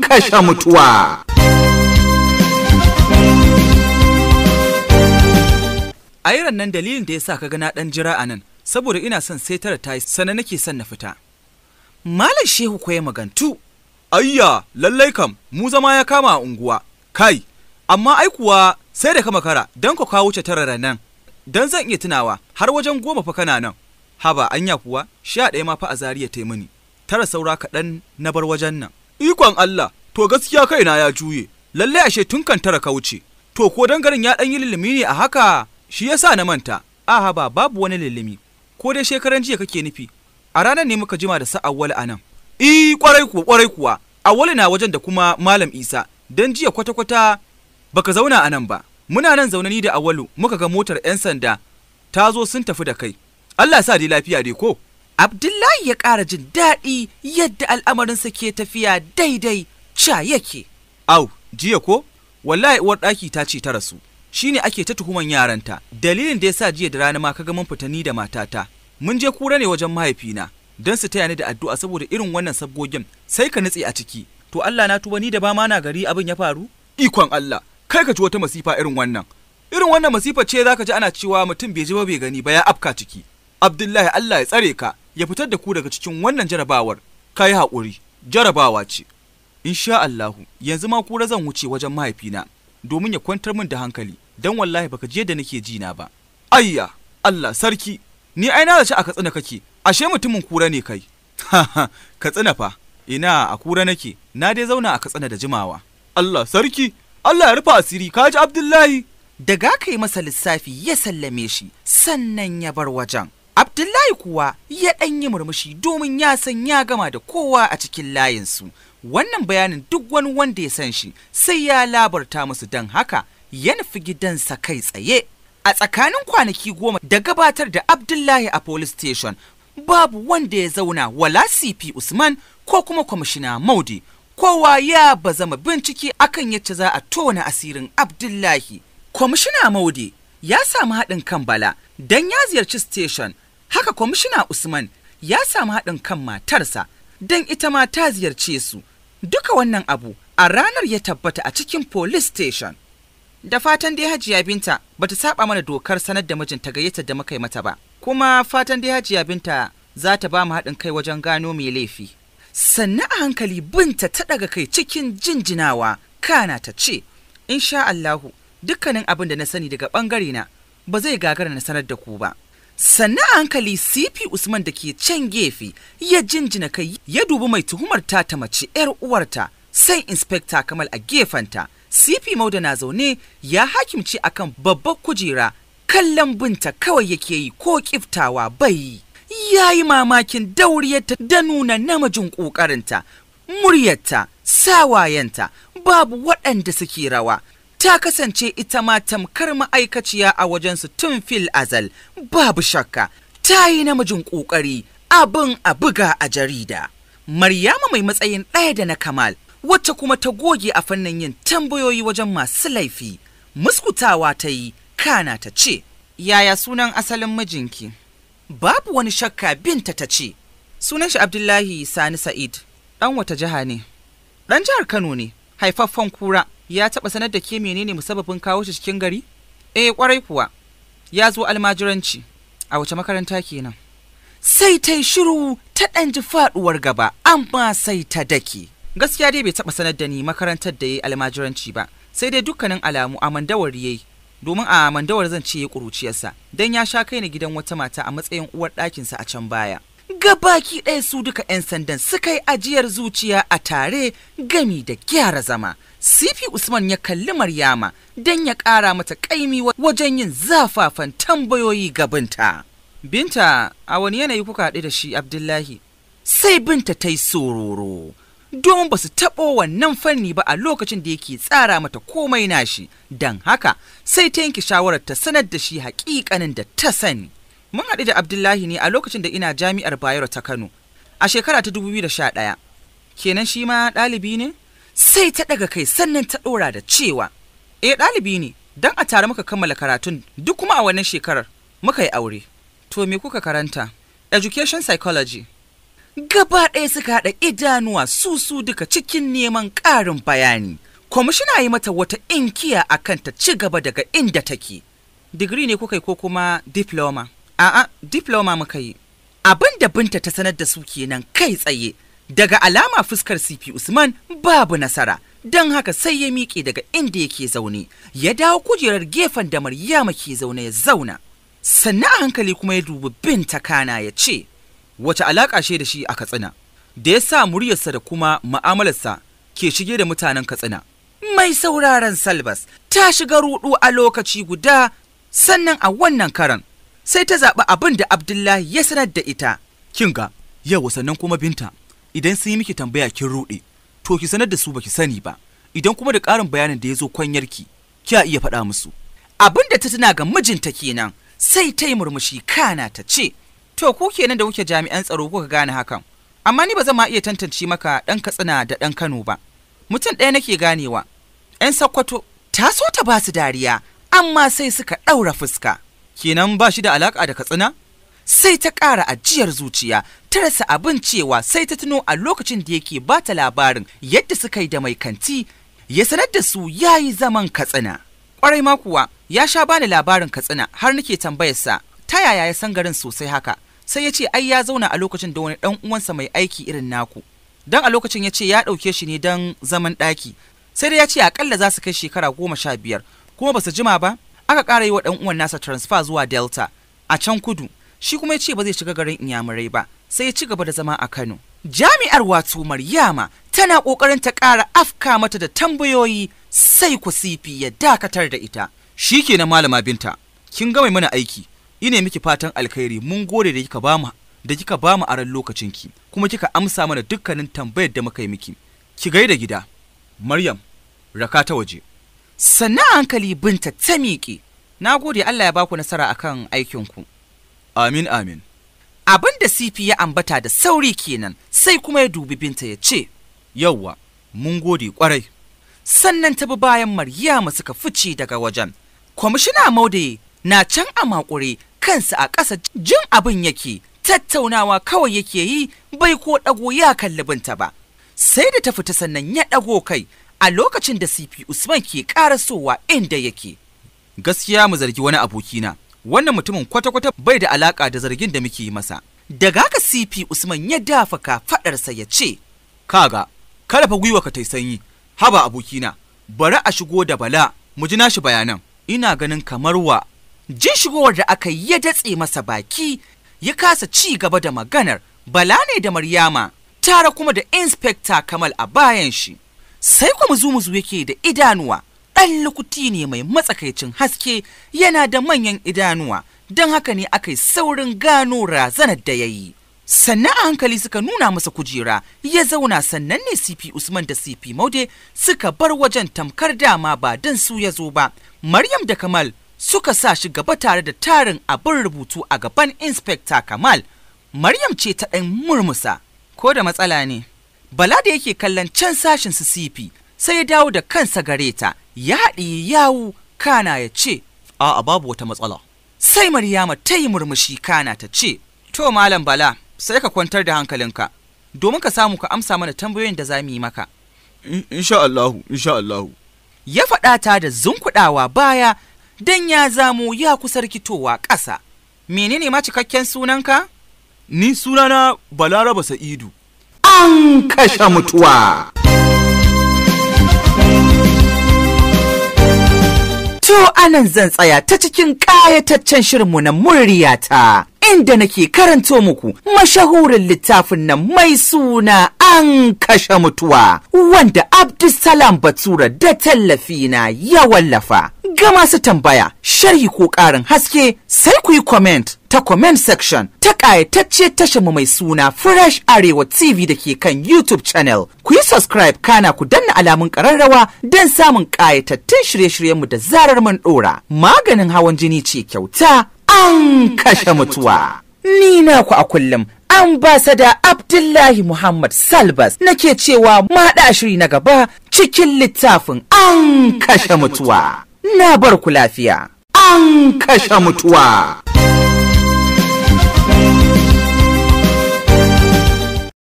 kashe mutuwa. A yi nan dalilin da ya sa ka gana ɗan jira a nan, saboda ina son sai tara ta yi sana nake son na fita. Malam Shehu kwaye magantu. Ayya, lallai kam, mu zama ya kama a unguwa. Kai, amma aikuwa sai da ka makara don ka kawo ta tara nan. Don zan iya tunawa har wajen goma fa kana nan. Haba anya kuwa, sha ɗaya ma fa a zariya ta mini. Tara saura kaɗan na bar wajen nan. Ikon Allah, to gaskiya kaina ya juye, lallai ashe tun kan tara ka wuce. To ko garin ya ɗan yi lilimi ne a haka shi ya sa na manta, aha ba babu wani lilimi, ko dai shekaran jiya kake nufi, a ranar ne muka jima da su awwal a nan. I e, kwarai kuwa kwarai kuwa, awwal na wajen da kuma malam Isa, dan jiya kwata-kwata baka zauna a nan ba. Muna nan zaune ni da awwalu muka ga motar 'yan sanda ta zo sun tafi da kai. Allah sa dai lafiya dai ko? Abdullahi ya ƙara jin daɗi yadda al'amarinsa ke tafiya daidai ca yake. Au, jiya ko? Wallahi uwar ɗaki ta ce ta rasu. Shi ne ake ta tuhuman yaranta. Dalilin da ya sa jiya da rana ma kaga mun fita ni da matata. Mun je kura ne wajen mahaifina. Don su taya ni da addu'a saboda irin wannan sabgogin sai ka nutse a ciki. To Allah na tuba ni da ba ma na gari abin ya faru? Ikon Allah, kai ka ci wata masifa irin wannan. Irin wannan masifa ce zaka ji ana cewa mutum bai ji ba bai gani ba ya afka ciki. Abdullahi Allah ya tsare ka. ya fitar da ku daga cikin wannan jarabawar Ka yi haƙuri jarabawa ce insha Allahu yanzu ma kura zan wuce wajen mahaifina domin ya kwantar min da hankali dan wallahi baka je da nake ji na ba ayya Allah sarki ni ai na zaci a katsina kake ashe mutumin kura ne kai katsina fa ina a kura nake na dai zauna a katsina da jimawa Allah sarki Allah ya rufa asiri ka ji Abdullahi daga ka yi masa lissafi ya sallame shi sannan ya bar wajen Abdullahi lai kuwa ya ɗan yi murmushi domin ya san ya gama da kowa a cikin layinsu. Wannan bayanin duk wani wanda ya san shi sai ya labarta musu don haka ya nufi gidansa kai tsaye. A tsakanin kwanaki goma da gabatar da Abdullahi a police station babu wanda ya zauna wala CP Usman ko kuma kwamishina Maudi. Kowa ya bazama bincike akan yacce za a tona asirin Abdullahi. Kwamishina Maudi ya samu haɗin kan bala don ya ziyarci station Haka kwamishina Usman ya samu haɗin kan matarsa don ita ma ta ziyarce su. Duka wannan abu a ranar ya tabbata a cikin police station. Da fatan dai Hajiya Binta bata saba mana dokar sanar da mijinta gayyatar da muka yi mata ba. Kuma fatan dai Hajiya Binta za ta ba mu haɗin kai wajen gano mai laifi. Sannan a hankali Binta ta ɗaga kai cikin jinjinawa kana ta ce, Insha Allahu, dukkanin abin da na sani daga ɓangare na ba zai gagara na sanar da ku ba. sannan hankali cp usman da ke can gefe ya jinjina kai ya dubi mai tuhumar ta ta mace yar uwarta sai inspector kamal a gefenta cp mauda na zaune ya hakimci akan babbar kujera kallon binta kawai yake yi ko kiftawa bai ya yi mamakin dauriyarta da nuna namijin ƙoƙarinta muryarta sawayenta babu waɗanda suke rawa ta kasance ita ma tamkar ma'aikaciya a wajensu tun fil azal babu shakka ta yi namijin ƙoƙari abin a buga a jarida. Maryama mai matsayin ɗaya da na Kamal wacce kuma ta goge a fannin yin tambayoyi wajen masu laifi. Muskutawa ta yi kana ta ce, Yaya sunan asalin mijinki? Babu wani shakka binta ta ce, Sunan shi Abdullahi Sani Sa'id, ɗan wata jiha ne, ɗan jihar Kano ne, haifaffen kura. ya taɓa sanar da ke menene musabbabin kawo shi cikin gari eh kwarai kuwa ya zo almajiranci a wace makaranta kenan sai ta shiru ta ɗan ji faɗuwar gaba amma sai ta dake gaskiya dai bai taɓa sanar da ni makarantar da ya yi almajiranci ba sai dai dukkanin alamu a mandawar ya yi domin a mandawar zan ce ya ƙuruciyarsa Dan ya sha kai ni gidan wata mata a matsayin uwar ɗakinsa a can baya Gabaki ɗaya su duka 'yan sandan suka yi ajiyar zuciya a tare gami da gyara zama. Sifi Usman ya kalli Maryama don ya ƙara mata ƙaimi wajen yin zafafan tambayoyi ga Binta. Binta, a wani yanayi kuka haɗu da shi Abdullahi? Sai Binta ta yi sororo. domin ba su taɓo wannan fanni ba a lokacin da yake tsara mata komai nashi, don haka sai ta yanke shawarar ta sanar da shi haƙiƙanin da ta sani. Mun haɗu da Abdullahi ne a lokacin da ina jami'ar Bayero ta Kano a shekara ta da ɗaya. Kenan shi ma ɗalibi ne? Sai ta ɗaga kai sannan ta ɗora da cewa, eh ɗalibi ne, don a tare muka kammala karatun duk kuma a wannan shekarar muka yi aure. To me kuka karanta? Education Psychology. Gaba ɗaya suka haɗa idanuwa susu duka cikin neman ƙarin bayani. Kwamishina yi mata wata inkiya akan ta ci gaba daga inda take. Digiri ne kuka yi ko kuma diploma? A'a, diploma muka yi. Abin da binta ta sanar da su kenan kai tsaye. Daga alama fuskar CP Usman babu nasara. Don haka sai ya miƙe daga inda yake zaune, ya dawo kujerar gefen da Maryama ke zaune ya zauna. Sannan a hankali kuma ya dubi binta kana ya ce, Wace alaƙa ce da shi a Katsina, da ya sa muryarsa da kuma ma'amalarsa ke shige da mutanen Katsina. Mai sauraron Salbas ta shiga rudu a lokaci guda sannan a wannan karan sai ta zaɓi abin da Abdullahi ya sanar da ita. Kin ga, yau sannan kuma binta, idan sun yi miki tambaya kin ruɗe, to ki sanar da su baki sani ba. Idan kuma da ƙarin bayanin da ya zo kwanyarki, kya iya faɗa musu. Abin da ta tuna ga mijinta kenan, sai ta yi murmushi kana ta ce, To ku kenan da kuke jami'an tsaro kuka gane hakan, amma ni ba zan ma iya tantance maka ɗan Katsina da ɗan Kano ba. Mutum ɗaya nake ganewa, ‘yan Sakkwato, ta so ta ba su dariya, amma sai suka ɗaura fuska. kenan ba shi da alaƙa da katsina sai ta ƙara ajiyar zuciya ta rasa abin cewa sai ta tuno a lokacin da yake ba ta labarin yadda suka yi da mai kanti ya sanar da su ya yi zaman katsina ƙwarai ma kuwa ya sha bani labarin katsina har nake tambayarsa ta yaya ya san garin sosai haka sai ya ce ai ya zauna a lokacin da wani ɗan uwansa mai aiki irin naku don a lokacin ya ce ya ɗauke shi ne don zaman ɗaki sai dai ya ce akalla za su kai shekara goma sha biyar kuma ba su jima ba aka ƙara yi wa ɗan uwan nasa transfer zuwa Delta a can kudu shi kuma ya ce ba zai shiga garin Inyamurai ba sai ya ci gaba da zama a Kano. Jami'ar wato Maryama tana ƙoƙarin ta ƙara afka mata da tambayoyi sai ku sifi ya dakatar da ita. Shi ke na malama binta, kin gama mana aiki, ine miki fatan alkhairi mun gode da kika bamu da kika bamu lokacinki kuma kika amsa mana dukkanin tambayar da muka yi miki. Ki gaida gida. Maryam, raka ta waje. sannan hankali binta ta miƙe na gode Allah ya baku nasara akan aikinku amin amin abin da sifi ya ambata da sauri kenan sai kuma ya dubi binta ya ce yauwa mun gode kwarai sannan ta bi bayan maryama suka fice daga wajen kwamishina maudaye na can a makure kansa a ƙasa jin abin yake tattaunawa kawai yake yi bai ko ɗago ya kalli binta ba sai da ta fita sannan ya ɗago kai a lokacin da CP Usman ke karasowa inda yake. Gaskiya mu zargi wani abokina, wannan mutumin kwata-kwata bai da alaka da zargin da muke yi masa. Daga haka CP Usman ya dafa ka kafaɗarsa ya ce, Kaga, kada fa gwiwa ka tai sanyi, haba abokina, bari a shigo da bala, mu ji nashi bayanan. Ina ganin kamar wa. Jin shigowar da aka yi ya datse masa baki, ya kasa ci gaba da maganar, bala ne da Maryama, tare kuma da Inspector Kamal a bayan shi. sai kuma zumuzu yake da idanuwa ɗan lukuti ne mai matsakaicin haske yana da manyan idanuwa don haka ne aka yi saurin gano razanar da ya yi sannan a hankali suka nuna masa kujera ya zauna sannan ne cp usman da cp maude suka bar wajen tamkar dama ba don su ya zo ba maryam da kamal suka sa shi gaba tare da tarin abin rubutu a gaban inspector kamal maryam ce ta ɗan murmusa ko da matsala ne Bala da yake kallon can sashin su sifi sai ya dawo da kansa gare ta ya haɗi yawu kana ya ce a'a babu wata matsala. Sai Maryama ta yi murmushi kana ta ce to malam Bala sai ka kwantar da hankalinka domin ka samu ka amsa mana tambayoyin da za mu yi maka. Insha Allahu, insha Allahu. Ya faɗa ta da zunkuɗawa baya don ya zamo ya kusa rikitowa ƙasa. Menene ma cikakken sunanka? Ni sunana Balaraba Sa'idu. an kashe mutuwa. To anan zan tsaya ta cikin ƙayataccen shirinmu na muryata. inda nake karanto muku mashahurin littafin nan mai suna an kashe mutuwa wanda Abdulsalam Batura da tallafi na ya wallafa. Ga masu tambaya, sharhi ko ƙarin haske sai ku yi comment ta comment section ta ƙayatacce mu mai suna Fresh Arewa TV da ke kan YouTube channel. Ku yi subscribe kana ku danna alamun ƙararrawa don samun ƙayatattun shirye-shiryenmu da zarar mun ɗora. Maganin hawan jini ce kyauta an kashe mutuwa. Ni naku a kullum ambasada Abdullahi Muhammad Salbas nake cewa maɗa shiri na gaba cikin littafin an kashe mutuwa. Na bar ku lafiya. An kashe mutuwa.